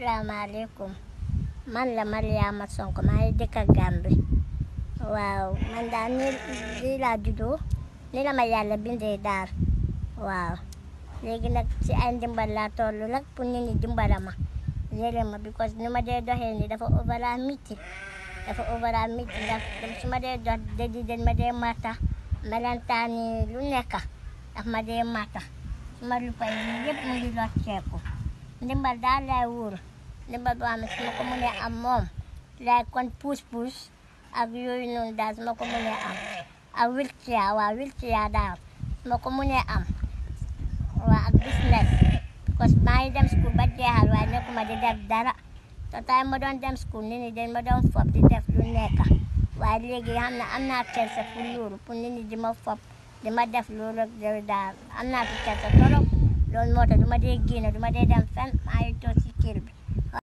asalaamaaleykum man la Mariama Sonko maa ngi dëkk Gàmbi waaw man daal nii lii laa juddoo la ma yàlla bindee daal waaw léegi nag ci ay ndimbal laa toll nag pour nit ñi dimbala ma yére ma because ni ma dee doxee nii dafa overall miti dafa overall miti ndax su ma dee dox déedéet dañ ma dee mata melantaani lu nekk daf ma dee mata su ma lu pay yëpp mu ngi lot ceeku ndimbal daal laay wóor li ba du am su ma ko mënee am moom laay kon puus puus ak yooyu noonu daal su ma ko mënee am ak wilcia waaw wilcia daal su ma ko mënee am waaw ak business parce que maa ngi dem school ba jeexal waaye nekkuma di def dara te tay ma doon dem school nit ñi dañ ma doon fob di def lu nekk waaye léegi xam ne am naa kersa pour loolu pour nit ñi di ma fob di ma def loolu rek loolu daal am naa ci kersa torop loolu moo tax du ma dee génn du ma dee dem fenn maa ngi toog